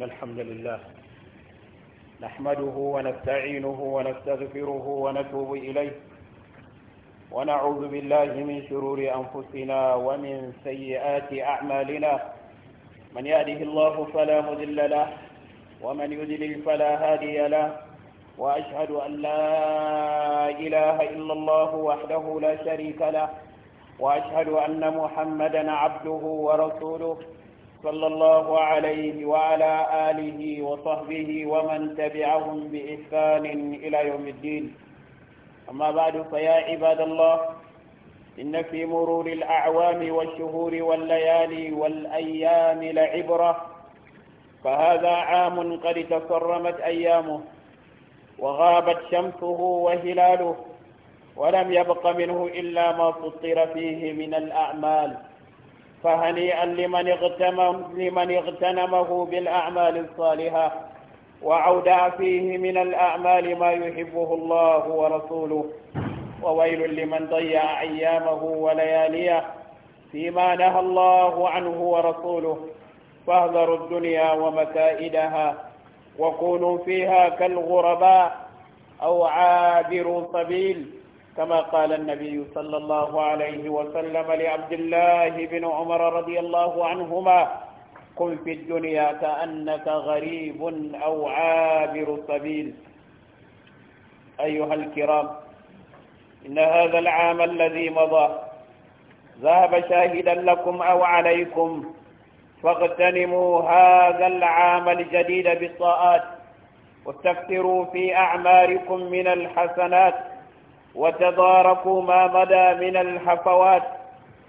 إن الحمد لله نحمده ونستعينه ونستغفره ونتوب إليه ونعوذ بالله من شرور أنفسنا ومن سيئات أعمالنا من يهده الله فلا مذل له ومن يذلل فلا هادي له وأشهد أن لا إله إلا الله وحده لا شريك له وأشهد أن محمدا عبده ورسوله صلى الله عليه وعلى آله وصحبه ومن تبعهم بإحسان إلى يوم الدين أما بعد فيا عباد الله إن في مرور الأعوام والشهور والليالي والأيام لعبرة فهذا عام قد تصرمت أيامه وغابت شمسه وهلاله ولم يبق منه إلا ما فطر فيه من الأعمال فهنيئا لمن اغتنم لمن اغتنمه بالأعمال الصالحة وعودا فيه من الأعمال ما يحبه الله ورسوله وويل لمن ضيع أيامه ولياليه فيما نهى الله عنه ورسوله فاهذروا الدنيا ومكائدها وكونوا فيها كالغرباء أو عابروا سبيل كما قال النبي صلى الله عليه وسلم لعبد الله بن عمر رضي الله عنهما قم في الدنيا كأنك غريب أو عابر سبيل أيها الكرام إن هذا العام الذي مضى ذهب شاهدا لكم أو عليكم فاغتنموا هذا العام الجديد بالطاعات واستكثروا في أعماركم من الحسنات وتضاركوا ما مدى من الحفوات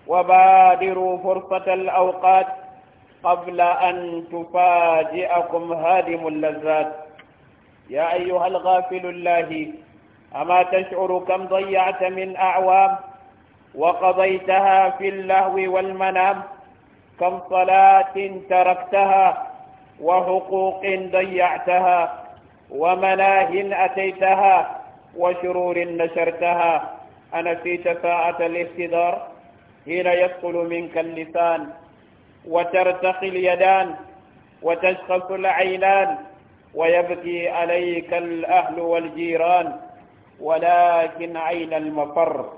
وبادروا فرصة الأوقات قبل أن تفاجئكم هادم اللذات يا أيها الغافل الله أما تشعر كم ضيعت من أعوام وقضيتها في اللهو والمنام كم صلاة تركتها وحقوق ضيعتها ومناه أتيتها وشرور نشرتها أنا في شفاعة الاستدار حين يدخل منك اللسان وترتقي اليدان وتشخص العينان ويبكي عليك الأهل والجيران ولكن عين المفر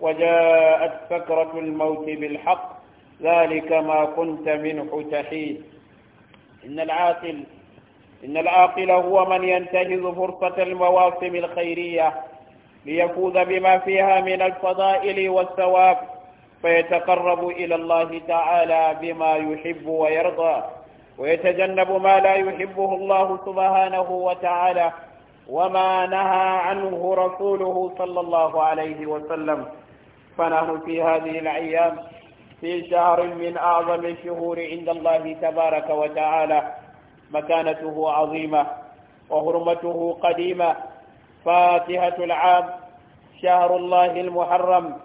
وجاءت فكرة الموت بالحق ذلك ما كنت منه تحيد إن العاقل إن العاقل هو من ينتهز فرصة المواسم الخيرية ليفوز بما فيها من الفضائل والثواب فيتقرب إلى الله تعالى بما يحب ويرضى ويتجنب ما لا يحبه الله سبحانه وتعالى وما نهى عنه رسوله صلى الله عليه وسلم فنحن في هذه الأيام في شهر من أعظم الشهور عند الله تبارك وتعالى مكانته عظيمة وهرمته قديمة فاتحة العام شهر الله المحرم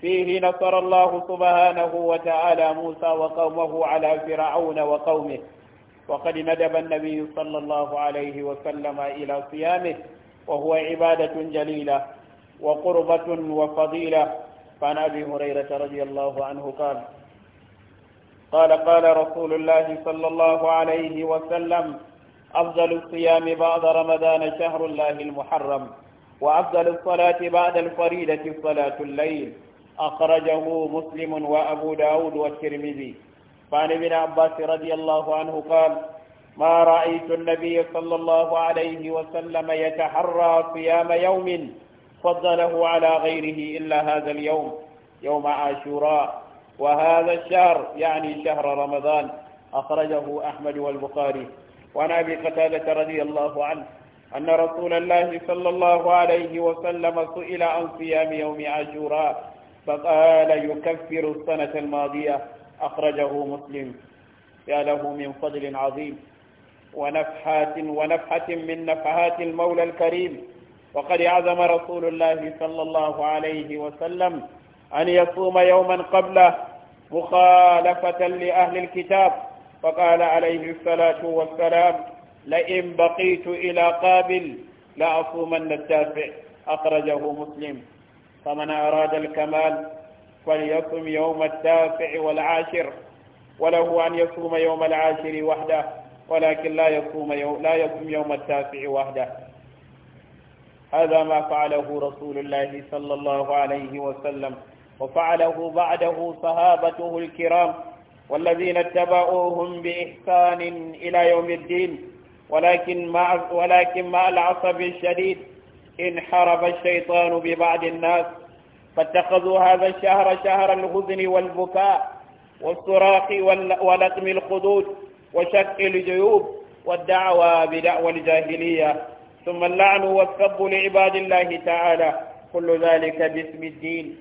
فيه نصر الله سبحانه وتعالى موسى وقومه على فرعون وقومه وقد ندب النبي صلى الله عليه وسلم إلى صيامه وهو عبادة جليلة وقربة وفضيلة فعن أبي هريرة رضي الله عنه قال قال قال رسول الله صلى الله عليه وسلم أفضل الصيام بعد رمضان شهر الله المحرم وأفضل الصلاة بعد الفريدة صلاة الليل أخرجه مسلم وأبو داود والترمذي فعن ابن عباس رضي الله عنه قال ما رأيت النبي صلى الله عليه وسلم يتحرى صيام يوم فضله على غيره إلا هذا اليوم يوم عاشوراء وهذا الشهر يعني شهر رمضان أخرجه أحمد والبخاري وعن أبي قتادة رضي الله عنه أن رسول الله صلى الله عليه وسلم سئل عن صيام يوم عاشوراء فقال يكفر السنة الماضية أخرجه مسلم يا له من فضل عظيم ونفحات ونفحة من نفحات المولى الكريم وقد عزم رسول الله صلى الله عليه وسلم أن يصوم يوما قبله مخالفة لأهل الكتاب فقال عليه الصلاة والسلام لئن بقيت إلى قابل لأصومن التاسع أخرجه مسلم فمن أراد الكمال فليصم يوم التاسع والعاشر وله أن يصوم يوم العاشر وحده ولكن لا يصوم يوم لا يصوم يوم التاسع وحده هذا ما فعله رسول الله صلى الله عليه وسلم وفعله بعده صحابته الكرام والذين اتبعوهم بإحسان إلى يوم الدين ولكن مع, ولكن مع العصب الشديد انحرف الشيطان ببعض الناس فاتخذوا هذا الشهر شهر الهزن والبكاء والصراخ ولطم الخدود وشق الجيوب والدعوى بدعوى الجاهليه ثم اللعن والسب لعباد الله تعالى كل ذلك باسم الدين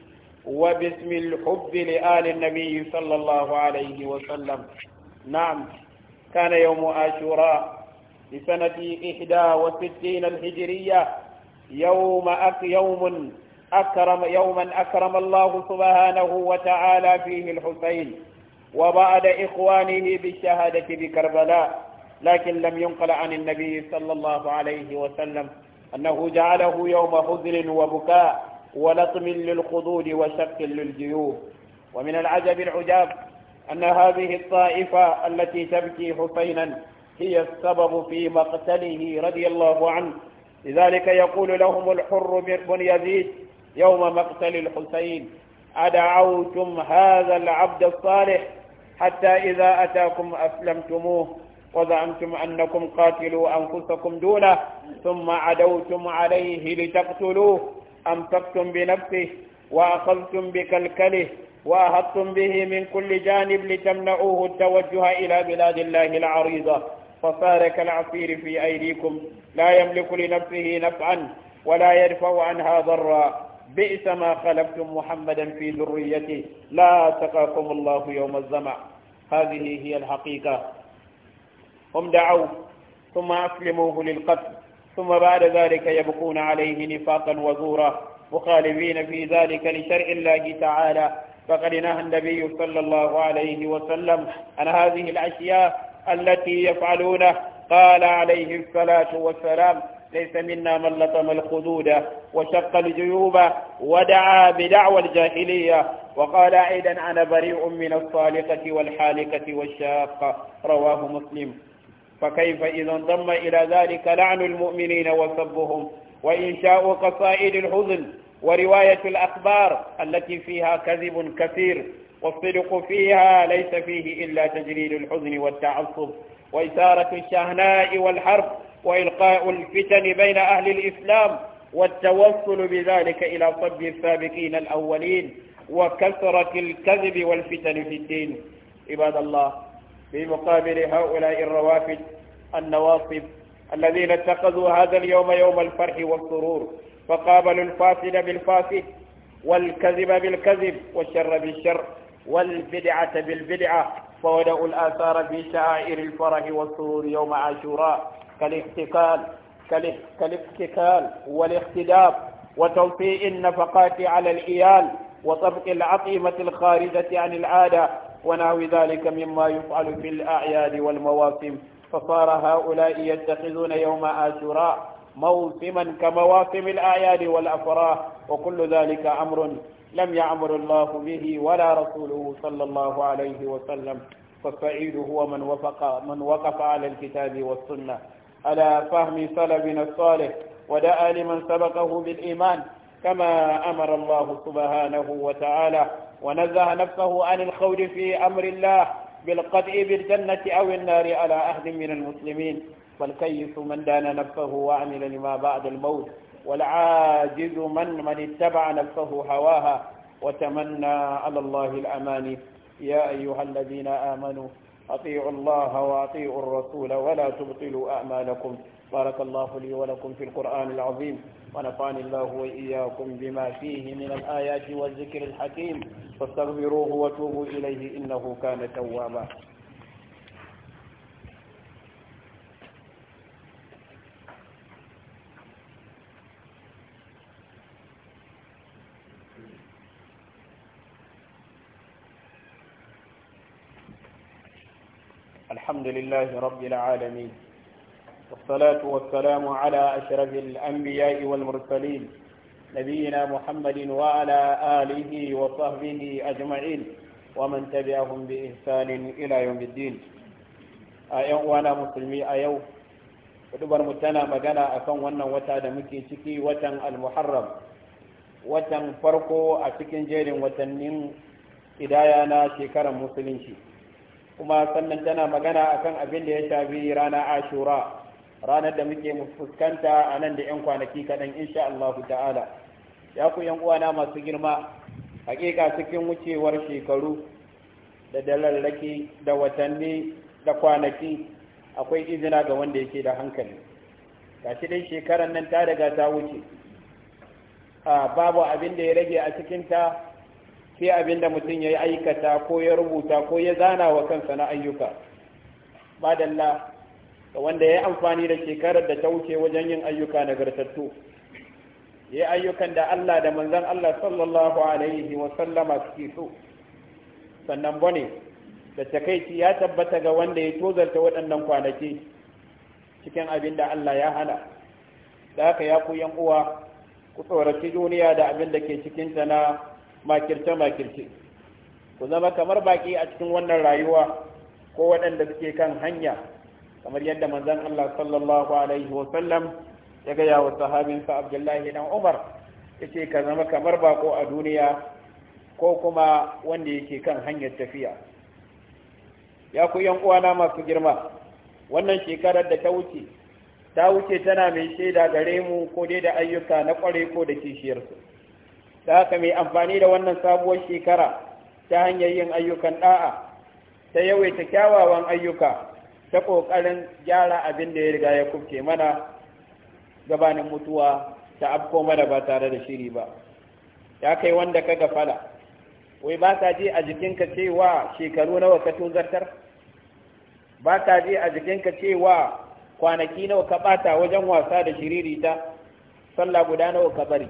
وباسم الحب لآل النبي صلى الله عليه وسلم نعم كان يوم آشوراء لسنة إحدى وستين الهجرية يوم أك يوم أكرم يوما أكرم الله سبحانه وتعالى فيه الحسين وبعد إخوانه بالشهادة بكربلاء لكن لم ينقل عن النبي صلى الله عليه وسلم أنه جعله يوم حزن وبكاء ولطم للخدود وشق للجيوب ومن العجب العجاب أن هذه الطائفة التي تبكي حسينا هي السبب في مقتله رضي الله عنه لذلك يقول لهم الحر بن يزيد يوم مقتل الحسين أدعوتم هذا العبد الصالح حتى إذا أتاكم أسلمتموه وزعمتم أنكم قاتلوا أنفسكم دونه ثم عدوتم عليه لتقتلوه أمسكتم بنفسه وأخذتم بكلكله وأهضتم به من كل جانب لتمنعوه التوجه إلى بلاد الله العريضة فصار كالعصير في أيديكم لا يملك لنفسه نفعا ولا يدفع عنها ضرا بئس ما خلفتم محمدا في ذريته لا تقاكم الله يوم الزمع هذه هي الحقيقة هم دعوه ثم أسلموه للقتل ثم بعد ذلك يبقون عليه نفاقا وزورا مخالفين في ذلك لشرع الله تعالى فقد نهى النبي صلى الله عليه وسلم عن هذه الأشياء التي يفعلونه قال عليه الصلاة والسلام ليس منا من لطم الخدود وشق الجيوب ودعا بدعوى الجاهلية وقال أيضا أنا بريء من الصالقة والحالقة والشاقة رواه مسلم فكيف إذا انضم إلى ذلك لعن المؤمنين وسبهم وإنشاء قصائد الحزن ورواية الأخبار التي فيها كذب كثير والصدق فيها ليس فيه إلا تجريد الحزن والتعصب وإثارة الشهناء والحرب وإلقاء الفتن بين أهل الإسلام والتوصل بذلك إلى صب السابقين الأولين وكثرة الكذب والفتن في الدين عباد الله في مقابل هؤلاء الروافد النواصب الذين اتخذوا هذا اليوم يوم الفرح والسرور فقابلوا الفاسد بالفاسد والكذب بالكذب والشر بالشر والبدعة بالبدعة فودأوا الآثار في شعائر الفرح والسرور يوم عاشوراء كالاحتكال كالاحتكال والاختلاف وتوطيء النفقات على الإيال وطبق العقيمة الخارجة عن العادة ونحو ذلك مما يفعل في الأعياد والمواسم فصار هؤلاء يتخذون يوم آشوراء موسما كمواسم الأعياد والأفراح وكل ذلك أمر لم يعمر الله به ولا رسوله صلى الله عليه وسلم فالسعيد هو من وفق من وقف على الكتاب والسنة على فهم سلفنا الصالح ودعا لمن سبقه بالإيمان كما أمر الله سبحانه وتعالى ونزه نفسه عن الخوض في أمر الله بالقدع بالجنة أو النار على أحد من المسلمين فالكيس من دان نفسه وعمل لما بعد الموت والعاجز من من اتبع نفسه هواها وتمنى على الله الأماني يا أيها الذين آمنوا أطيعوا الله وأطيعوا الرسول ولا تبطلوا أعمالكم بارك الله لي ولكم في القرآن العظيم ونفعني الله وإياكم بما فيه من الآيات والذكر الحكيم فاستغفروه وتوبوا إليه إنه كان توابا الحمد لله رب العالمين والصلاة والسلام على أشرف الأنبياء والمرسلين نبينا محمد وعلى آله وصحبه أجمعين ومن تبعهم بإحسان إلى يوم الدين أيوة وأنا مسلمي أيوة kudubar mu tana magana akan wannan wata da muke ciki watan al-muharram watan farko a cikin jerin watannin idaya shekarar musulunci kuma sannan tana magana akan abin da ya shafi rana ashura ranar da muke fuskanta a nan da 'yan kwanaki kaɗan insha Allah ta'ala ya ku yan uwana masu girma hakika cikin wucewar shekaru da dalalaki, da watanni da kwanaki akwai izina ga wanda yake da hankali shi dai shekarar nan ta daga ta wuce babu abin da ya rage a cikinta sai abin da mutum ya yi aikata ko ya rubuta ko ya zana wa kansa na ayyuka Ba da Allah ga wanda ya yi amfani da shekarar da ta wuce wajen yin ayyuka nagartattu ya yi ayyukan da Allah da manzan Allah sallallahu alaihi wa sallama suke so sannan bane da takaici ya tabbata ga wanda ya tozarta waɗannan kwanaki cikin abin da Allah ya hana da haka ya ku uwa ku tsoraci duniya da abin da ke cikinta na makirce-makirce ku zama kamar baƙi a cikin wannan rayuwa ko waɗanda suke kan hanya kamar yadda manzon Allah sallallahu alaihi wa sallam ya gaya wa sahabinsa Abdullahi dan Umar yace ka zama kamar bako a duniya ko kuma wanda yake kan hanyar tafiya ya ku yan uwana masu girma wannan shekarar da ta wuce ta wuce tana mai shaida gare mu ko dai da ayyuka na kware ko da kishiyarsu da haka mai amfani da wannan sabuwar shekara ta hanyar yin ayyukan da'a ta yawaita kyawawan ayyuka ta ƙoƙarin gyara abin da ya riga ya kubce mana gabanin mutuwa ta afko mana ba tare da shiri ba ya kai wanda ka gafala wai ba ta je a jikinka cewa shekaru nawa ka tozartar ba ta je a jikinka cewa kwanaki nawa ka bata wajen wasa da shiririta sallah guda nawa ka bari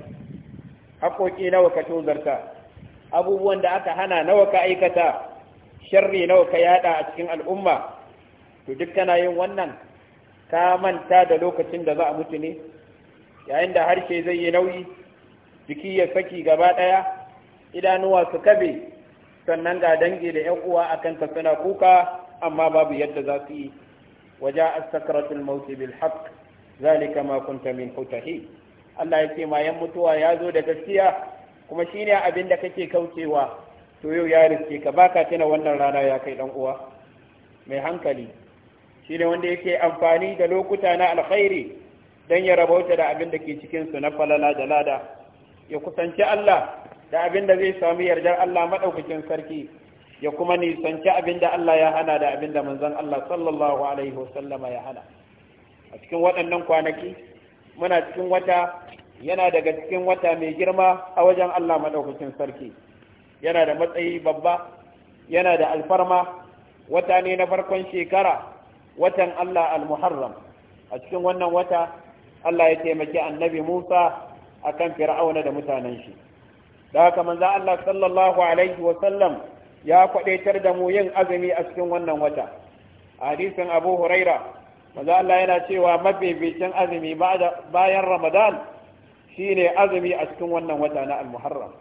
haƙoƙi nawa ka tozarta abubuwan da aka hana nawa ka aikata sharri nawa ka yada a cikin al'umma to duk kana yin wannan ka manta da lokacin da za a mutu ne yayin da harshe zai yi nauyi jiki ya saki gaba ɗaya idanuwa su kabe sannan ga dangi da ‘yan uwa akan ta suna kuka amma babu yadda za su yi waje a sakratul maut bil haq zalika ma kunta min hutahi Allah ya ce mayan mutuwa ya zo da gaskiya kuma shine abin da kake kaucewa to yau ya riske ka baka tuna wannan rana ya kai dan uwa mai hankali shi ne wanda yake amfani da lokuta na alkhairi don ya rabauta da abin da ke cikinsu na falala da lada ya kusanci Allah da abin da zai sami yardar Allah maɗaukakin sarki ya kuma nisanci abin da Allah ya hana da abin da manzon Allah sallallahu alaihi wasallama ya hana a cikin waɗannan kwanaki muna cikin wata yana daga cikin wata mai girma a wajen Allah maɗaukakin sarki yana da matsayi babba yana da alfarma wata ne na farkon shekara watan Allah al-Muharram a cikin wannan wata Allah ya taimaki annabi Musa akan Fir'auna da mutanen shi da haka manzo Allah sallallahu alaihi wa sallam ya kwadaitar da mu yin azumi a cikin wannan wata a hadisin Abu Huraira manzo Allah yana cewa mabibicin azumi bayan Ramadan shine azumi a cikin wannan wata na al-Muharram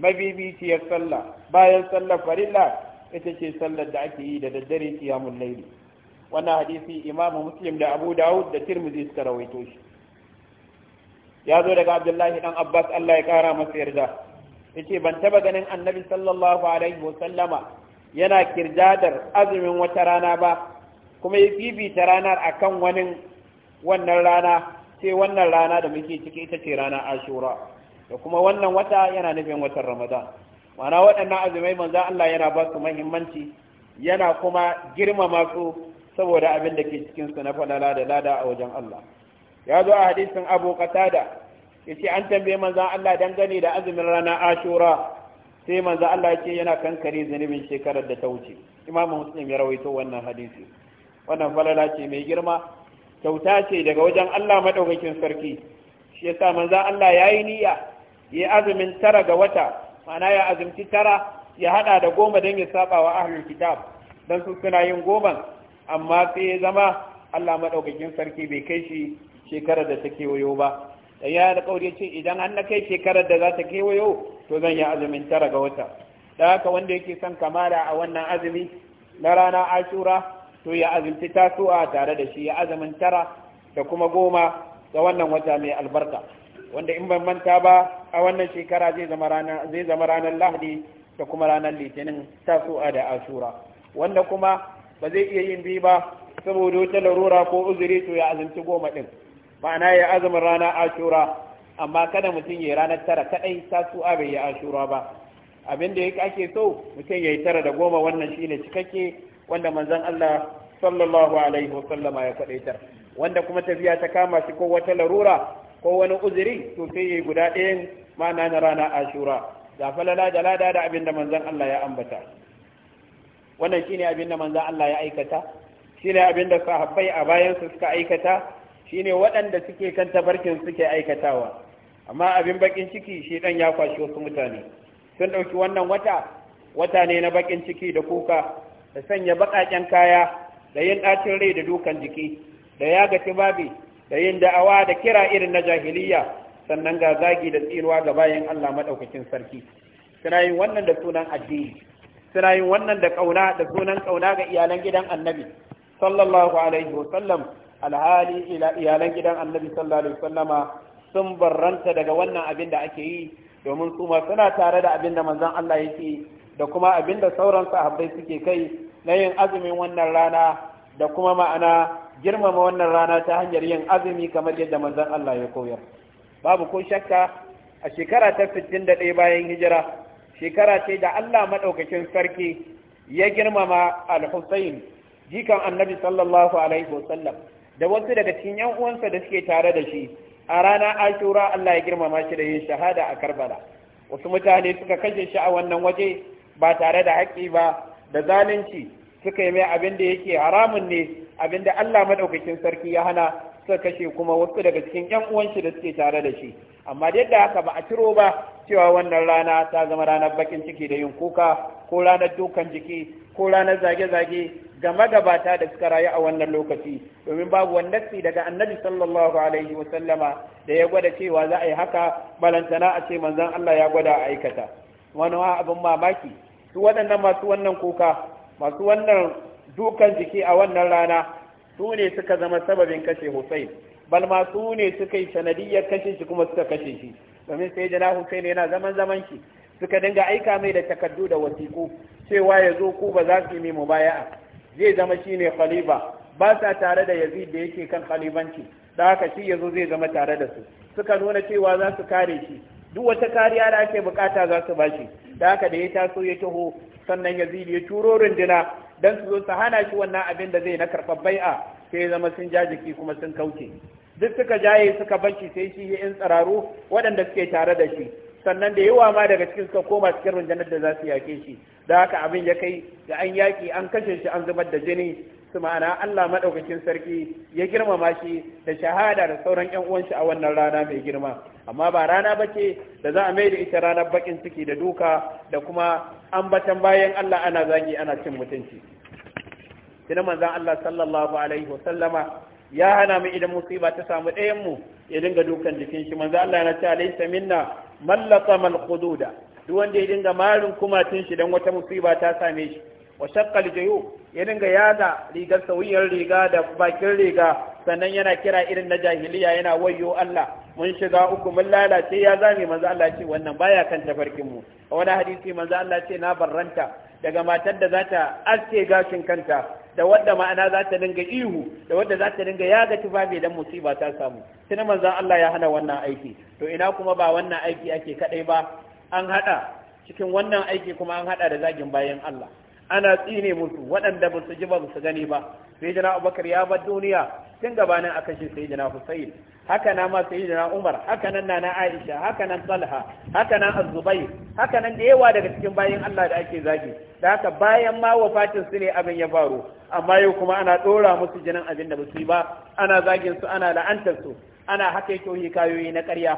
mabibiciyar sallah bayan sallar farilla ita ce sallar da ake yi da daddare kiyamul laili wannan hadisi imamu muslim da abu dawud da tirmidhi suka rawaito shi ya zo daga abdullahi dan abbas allah ya kara masa yarda yace ban taba ganin annabi sallallahu alaihi wasallama yana kirjadar azumin wata rana ba kuma ya fifita ranar akan wani wannan rana sai wannan rana da muke ciki ita ce rana ashura da kuma wannan wata yana nufin watan ramadan ma'ana waɗannan azumai manzo Allah yana ba su muhimmanci yana kuma girmama su saboda abin da ke cikin su na falala da lada a wajen Allah ya zo a hadisin Abu Qatada yace an tambaye manzon Allah dangane da azumin rana Ashura sai manzon Allah yace yana kankare zunubin shekarar da ta wuce Imam Muslim ya rawaito wannan hadisi wannan falala ce mai girma kyauta ce daga wajen Allah madaukakin sarki shi yasa manzon Allah yayi niyya yi azumin tara ga wata ma'ana ya azumci tara ya hada da goma don ya saba wa ahlul kitab dan su suna yin goma. amma sai ya zama Allah maɗaukakin sarki bai kai shi shekarar da ta kewayo ba dan ya alƙawari ce idan an na kai shekarar da za ta kewayo to zan yi azumin tara ga wata da haka wanda yake son kamala a wannan azumi na rana ashura to ya azumci tasu'a tare da shi ya azumin tara da kuma goma ga wannan wata mai albarka wanda in ban manta ba a wannan shekara zai zama ranar zai zama ranar lahadi da kuma ranar litinin tasu'a da ashura wanda kuma ba zai iya yin bi ba saboda wata larura ko uzuri to ya azumci goma ɗin, ma'ana ya azumin rana ashura amma kada mutum ya ranar tara kadai tasu'a bai yi ashura ba abin da ake so mutum ya yi tara da goma wannan shine cikakke wanda manzon Allah sallallahu alaihi wa sallama ya kwadaitar wanda kuma tafiya ta kama shi ko wata larura ko wani uzuri to sai yayi guda ɗayan ma'ana na rana ashura da falala da lada da abin da manzon Allah ya ambata wannan shine abin da manzon Allah ya aikata shine abin da sahabbai a bayan su suka aikata shine waɗanda suke kan tabarkin suke aikatawa amma abin bakin ciki shi dan ya kwashi wasu mutane sun dauki wannan wata wata ne na bakin ciki da kuka da sanya bakaken kaya da yin ɗacin rai da dukan jiki da ya ga tibabi da yin da'awa da kira irin na jahiliya sannan ga zagi da tsinuwa ga bayan Allah madaukakin sarki suna yin wannan da sunan addini suna yin wannan da kauna da sunan kauna ga iyalan gidan annabi sallallahu alaihi sallam, alhali iyalan gidan annabi sallallahu alaihi sun barranta daga wannan abin da ake yi domin su ma suna tare da abin da manzon Allah yake da kuma abin da sauran sahabbai suke kai na yin azumin wannan rana da kuma ma'ana girmama wannan rana ta hanyar yin azumi kamar yadda manzon Allah ya koyar babu ko shakka a shekara ta 61 bayan hijira shekara ce da Allah maɗaukakin sarki ya girmama al-Husayn jikan annabi sallallahu alaihi wasallam da wasu daga cikin yan uwansa da suke tare da shi a rana Ashura Allah ya girmama shi da yin shahada a Karbala wasu mutane suka kashe shi a wannan waje ba tare da haƙƙi ba da zalunci suka yi mai abin da yake haramun ne abin da Allah maɗaukakin sarki ya hana suka kashe kuma wasu daga cikin yan uwan shi da suke tare da shi amma dai da haka ba a ciro ba cewa wannan rana ta zama ranar bakin ciki da yin kuka ko ranar dukan jiki ko ranar zage-zage ga magabata da suka rayu a wannan lokaci domin babu wani daga annabi sallallahu alaihi wasallama da ya gwada cewa za a yi haka balantana a ce manzon Allah ya gwada a aikata wani abin mamaki su waɗannan masu wannan kuka masu wannan dukan jiki a wannan rana su ne suka zama sababin kashe Hussein bal ma su ne suka yi sanadiyar kashe shi kuma suka kashe shi domin sai jana Hussein yana zaman zaman shi suka dinga aika mai da takardu da wasiƙu cewa yazo zo ku ba za su yi mai mubaya'a zai zama shine khalifa ba sa tare da Yazid da yake kan khalifanci da haka shi yazo zai zama tare da su suka nuna cewa za su kare shi duk wata kariya da ake bukata za su bashi da haka da ya taso ya taho sannan Yazid ya turo runduna dan su zo su hana shi wannan abin da zai na karɓar bai'a sai zama sun jajiki kuma sun kauce duk suka jaye suka banci sai shi ya in tsararu waɗanda suke tare da shi sannan da yawa ma daga cikin suka koma cikin rundunar da za su yake shi da haka abin ya kai da an yaƙi an kashe shi an zubar da jini su ma'ana Allah maɗaukakin sarki ya girmama shi da shahada da sauran yan uwanshi a wannan rana mai girma amma ba rana ba ce da za a mai da ita ranar baƙin ciki da duka da kuma ambatan bayan Allah ana zagi ana cin mutunci. Tunan manzan Allah sallallahu alaihi wasallama ya hana mu idan musiba ta samu ɗayan mu ya dinga dukan jikin shi manzo Allah ya ce alaysa minna mallaka mal da. duk wanda ya dinga marin kumatin shi dan wata musiba ta same shi wa shaqqal jayu ya dinga yada rigar sawiyar riga da bakin riga sannan yana kira irin na jahiliya yana wayyo Allah mun shiga uku mun lalace ya zame manzo Allah ce wannan baya kan tafarkin mu a wani hadisi manzo Allah ce na barranta daga matar da za ta aske gashin kanta da wadda ma'ana za ta dinga ihu da wadda za ta dinga yaga tufafi idan musiba ta samu tuna manzan Allah ya hana wannan aiki to ina kuma ba wannan aiki ake kadai ba an hada cikin wannan aiki kuma an hada da zagin bayan Allah ana tsine musu waɗanda ba su ji ba su gani ba sai jana abubakar ya bar duniya tun gabanin a kashe sai jana husayn haka na masu yi na umar haka nan na na aisha haka nan talha haka nan azubai haka nan da yawa daga cikin bayan allah da ake zagi da haka bayan ma wafatin su ne abin ya faru amma yau kuma ana ɗora musu jinin abin da basu yi ba ana zagin su ana la'antar su ana haka hakaito kayoyi na karya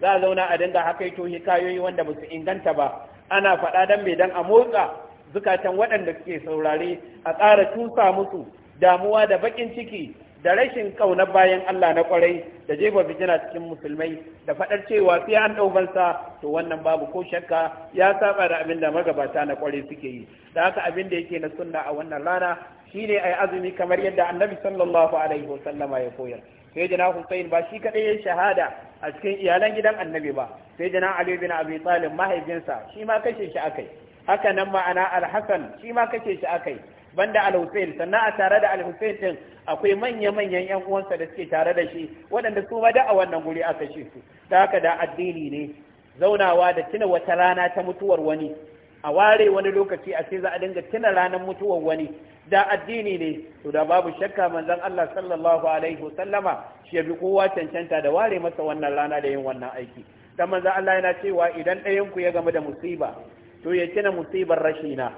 za a zauna a dinga haka hakaito hikayoyi wanda basu inganta ba ana faɗa dan mai dan a motsa zukatan waɗanda suke saurare a ƙara tusa musu damuwa da baƙin ciki da rashin ƙaunar bayan Allah na ƙwarai da jefa fitina cikin musulmai da faɗar cewa sai an ɗaubansa to wannan babu ko shakka ya saba da abin da magabata na ƙwarai suke yi da haka abin da yake na sunna a wannan rana shine ai azumi kamar yadda annabi sallallahu alaihi wasallama ya koyar sai jana Hussein ba shi kaɗai ya shahada a cikin iyalan gidan annabi ba sai jana Ali bin Abi Talib mahaifinsa shi ma kashe shi akai haka nan ma'ana Al-Hasan shi ma kashe shi akai banda al hussein sannan a tare da al hussein din akwai manya-manyan ƴan uwansa da suke tare da shi waɗanda su ma da a wannan guri aka shi su ta haka da addini ne zaunawa da tuna wata rana ta mutuwar wani a ware wani lokaci a ce za a dinga tuna ranar mutuwar wani da addini ne to da babu shakka manzon Allah sallallahu alaihi wasallama shi ya bi kowa cancanta da ware masa wannan rana da yin wannan aiki dan manzon Allah yana cewa idan ɗayan ku ya game da musiba to ya kina musibar rashina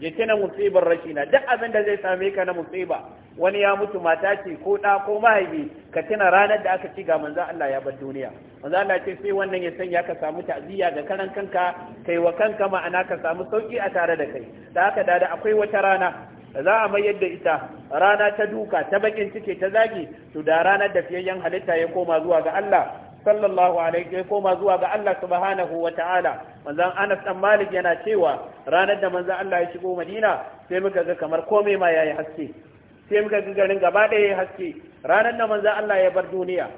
ya tuna musibar rashina duk abin da zai same ka na musiba wani ya mutu mata ce ko ɗa ko mahaifi ka tuna ranar da aka ci ga manzo Allah ya bar duniya manzo Allah ce sai wannan ya sanya ka samu ta'ziya ga karan kanka kai wa kanka ma'ana ka samu sauki a tare da kai da haka da da akwai wata rana da za a mayar da ita rana ta duka ta bakin cike ta zagi to da ranar da fiyayyen halitta ya koma zuwa ga Allah sallallahu alaihi ya koma zuwa ga Allah subhanahu wa ta'ala manzon Anas dan Malik yana cewa ranar da manzan Allah ya shigo Madina sai muka ga kamar komai ma yayi haske sai muka ga garin gaba ɗaya yayi haske ranar da manzan Allah ya bar duniya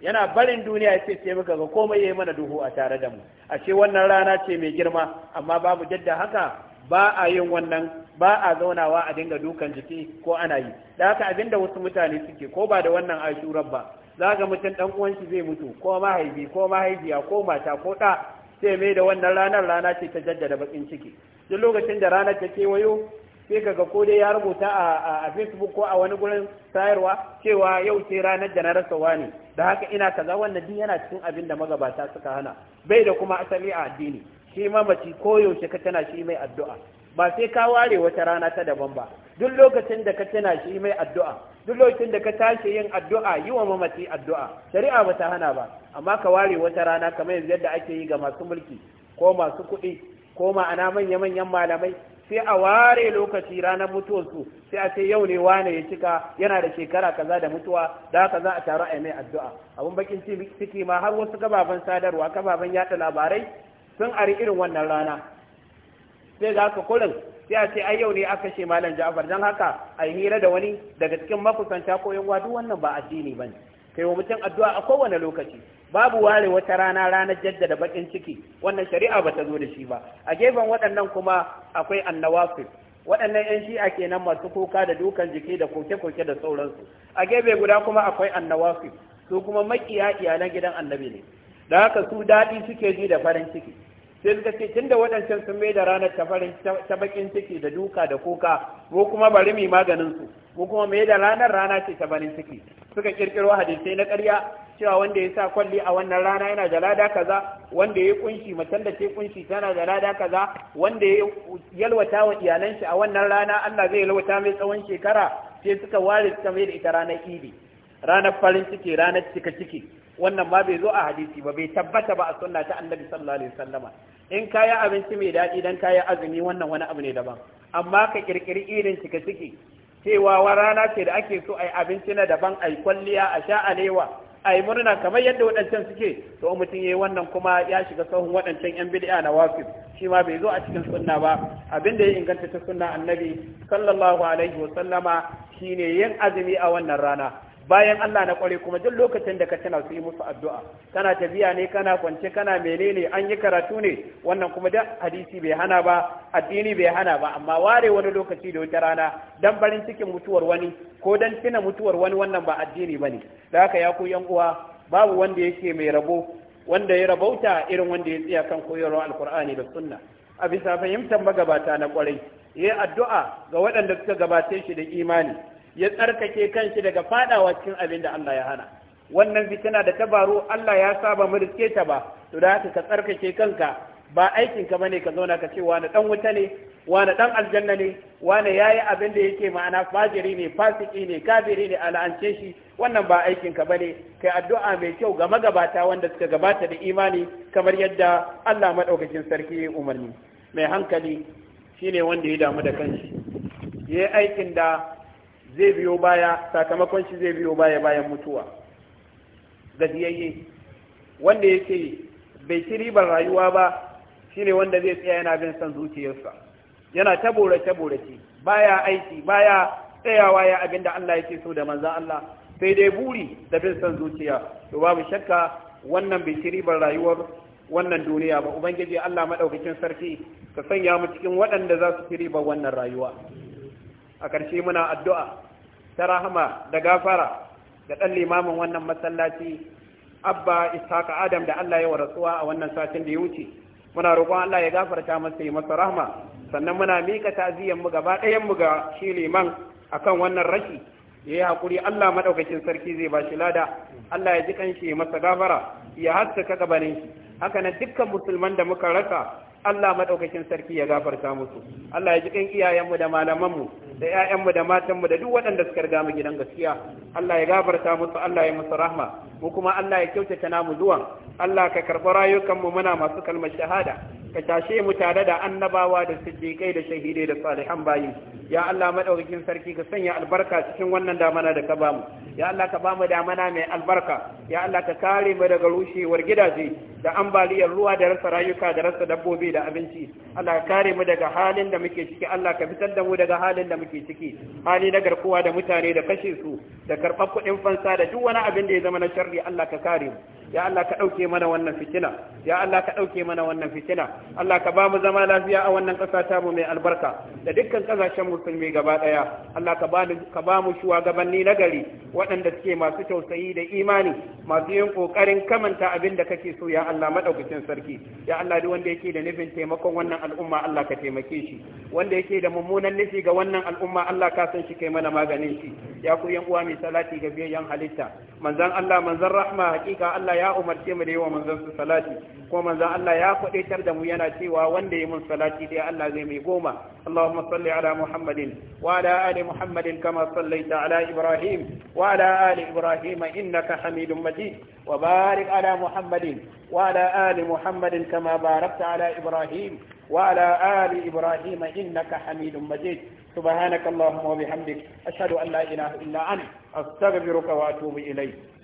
yana barin duniya ya ce sai muka ga komai yayi mana duhu a tare da mu ashe wannan rana ce mai girma amma babu jadda haka ba a yin wannan ba a zaunawa a dinga dukan jiki ko ana yi da haka abinda wasu mutane suke ko ba da wannan ashurar ba za ga mutum ɗan uwanshi zai mutu ko mahaifi ko mahaifiya ko mata ko ɗa sai mai da wannan ranar rana ce ta jaddada bakin ciki duk lokacin da ranar ta kewayo sai ka ko dai ya rubuta a facebook ko a wani gurin sayarwa cewa yau ce ranar da na rasa wani da haka ina kaza wannan din yana cikin abin da magabata suka hana bai da kuma asali a addini shi mamaci koyaushe ka tana shi mai addu'a ba sai ka ware wata rana ta daban ba duk lokacin da ka tana shi mai addu'a duk lokacin da ka tashi yin addu'a yi wa mamaci addu'a shari'a ba ta hana ba amma ka ware wata rana kamar yanzu yadda ake yi ga masu mulki ko masu kuɗi ko ma'ana manya-manyan malamai sai a ware lokaci ranar mutuwarsu sai a ce yau ne wane ya cika yana da shekara kaza da mutuwa da haka za a taru a mai addu'a abun bakin ciki ma har wasu kababen sadarwa kababen yada labarai sun ari irin wannan rana sai za ka kurin sai a ce ai yau ne aka ce malam Ja'far dan haka ai hira da wani daga cikin makusanta ko yan duk wannan ba addini bane kai wa mutum addu'a a kowane lokaci babu ware wata rana ranar jaddada bakin ciki wannan shari'a ba ta zo da shi ba a gefen waɗannan kuma akwai annawafil waɗannan 'yan shi'a kenan masu kuka da dukan jiki da koke-koke da sauransu a gefe guda kuma akwai annawafi su kuma makiya iyalan gidan annabi ne da haka su daɗi suke ji da farin ciki sai suka ce tun da waɗancan sun mai da ranar ta bakin ciki da duka da kuka ko kuma bari mai maganin su kuma mai da ranar rana ce ta barin ciki suka kirkiro hadisai na ƙarya cewa wanda ya sa kwalli a wannan rana yana da lada kaza wanda ya kunshi macen da ce kunshi tana da lada kaza wanda ya yalwata wa iyalan shi a wannan rana Allah zai yalwata mai tsawon shekara sai suka ware suka mai da ita ranar idi ranar farin ciki ranar cika ciki wannan ma bai zo a hadisi ba bai tabbata ba a sunna ta annabi sallallahu alaihi wasallama in kayi abinci mai daɗi dan kayi azumi wannan wani abu ne daban amma ka kirkiri irin cika ciki cewa wa rana ce da ake so ai abinci na daban ai kwalliya a sha alewa ai murna kamar yadda waɗancan suke to mutum yayi wannan kuma ya shiga sahun waɗancan yan bid'a na wasif shi ma bai zo a cikin sunna ba abinda ya inganta ta sunna annabi sallallahu alaihi wasallama shine yin azumi a wannan rana bayan Allah na kware kuma duk lokacin da ka tana su yi musu addu'a kana tafiya ne kana kwance kana menene an yi karatu ne wannan kuma da hadisi bai hana ba addini bai hana ba amma ware wani lokaci da wata rana dan barin cikin mutuwar wani ko dan tuna mutuwar wani wannan ba addini bane da haka ya ku yan uwa babu wanda yake mai rabo wanda ya rabauta irin wanda ya tsaya kan koyarwar alkur'ani da sunna a bisa fahimtar magabata na kwarai yayi addu'a ga waɗanda suka gabace shi da imani ya tsarkake kanshi daga fadawa cikin abin da Allah ya hana wannan fitina da tabaru Allah ya saba mu ta ba to da haka ka tsarkake kanka ba aikin ka bane ka zauna ka ce wani dan wuta ne wani dan aljanna ne wani yayi abin da yake ma'ana fajiri ne fasiki ne kafiri ne al'ance shi wannan ba aikin ka bane kai addu'a mai kyau ga magabata wanda suka gabata da imani kamar yadda Allah madaukakin sarki ya umarni mai hankali shine wanda ya damu da kanshi yayi aikin da zai biyo baya sakamakon shi zai biyo baya bayan mutuwa gajiyayye wanda yake bai ci ribar rayuwa ba shine wanda zai tsaya yana bin son zuciyarsa yana tabore borace borace baya aiki baya tsayawa ya abinda Allah yake so da manza Allah sai dai buri da bin son zuciya to babu shakka wannan bai ci ribar rayuwar wannan duniya ba ubangiji Allah madaukakin sarki ka sanya mu cikin waɗanda za su ci ribar wannan rayuwa a ƙarshe muna addu'a ta rahama da gafara da ɗan limamin wannan masallaci abba ishaka adam da Allah ya wa rasuwa a wannan satin da ya wuce muna roƙon Allah ya gafarta masa yi masa rahama sannan muna mika ta'aziyyan mu gaba ɗayan mu ga shi liman a kan wannan rashi ya yi haƙuri Allah maɗaukakin sarki zai ba shi lada Allah ya ji kanshi masa gafara ya haskaka gabanin shi haka nan dukkan musulman da muka rasa Allah maɗaukacin sarki ya gafarta musu Allah ya ji kan iyayenmu da malamanmu da ƴaƴanmu da matanmu da duk waɗanda suka riga mu gidan gaskiya Allah ya gafarta musu Allah ya musu rahma mu kuma Allah ya kyautata namu zuwan Allah ka karɓi rayukanmu muna masu kalmar shahada ka tashe mu tare da annabawa da siddiƙai da shahidai da salihan bayi ya Allah madaukakin sarki ka sanya albarka cikin wannan damana da ka bamu ya Allah ka bamu damana mai albarka ya Allah ka kare mu daga rushewar gidaje da ambaliyar ruwa da rasa rayuka da rasa dabbobi da abinci Allah ka kare mu daga halin da muke ciki Allah ka fitar da mu daga halin da muke ake ciki hali na garkuwa da mutane da kashe su da karɓar kuɗin fansa da duk wani abin da ya zama na sharri Allah ka kare mu ya Allah ka ɗauke mana wannan fitina ya Allah ka ɗauke mana wannan fitina Allah ka ba mu zama lafiya a wannan ƙasa ta mu mai albarka da dukkan ƙasashen musulmi gaba ɗaya Allah ka ba mu shugabanni na gari waɗanda suke masu tausayi da imani masu yin ƙoƙarin kamanta abin da kake so ya Allah maɗaukacin sarki ya Allah duk wanda yake da nufin taimakon wannan al'umma Allah ka taimake shi wanda yake da mummunan nufi ga wannan al'umma Allah ka san shi kai mana maganin shi ya ku yan uwa mai salati ga biyayyen halitta manzan Allah manzan rahma hakika Allah ya umarce mu da yawa manzon su salati ko manzon Allah ya kwadaitar da mu yana cewa wanda ya mun salati dai Allah zai mai goma Allahumma salli ala Muhammadin wa ala ali Muhammadin kama sallaita ala Ibrahim wa ala ali Ibrahim innaka Hamidum Majid wa barik ala Muhammadin wa ala ali Muhammadin kama barakta ala Ibrahim وعلى آل إبراهيم إنك حميد مجيد سبحانك اللهم وبحمدك أشهد أن لا إله إلا أنت أستغفرك وأتوب إليك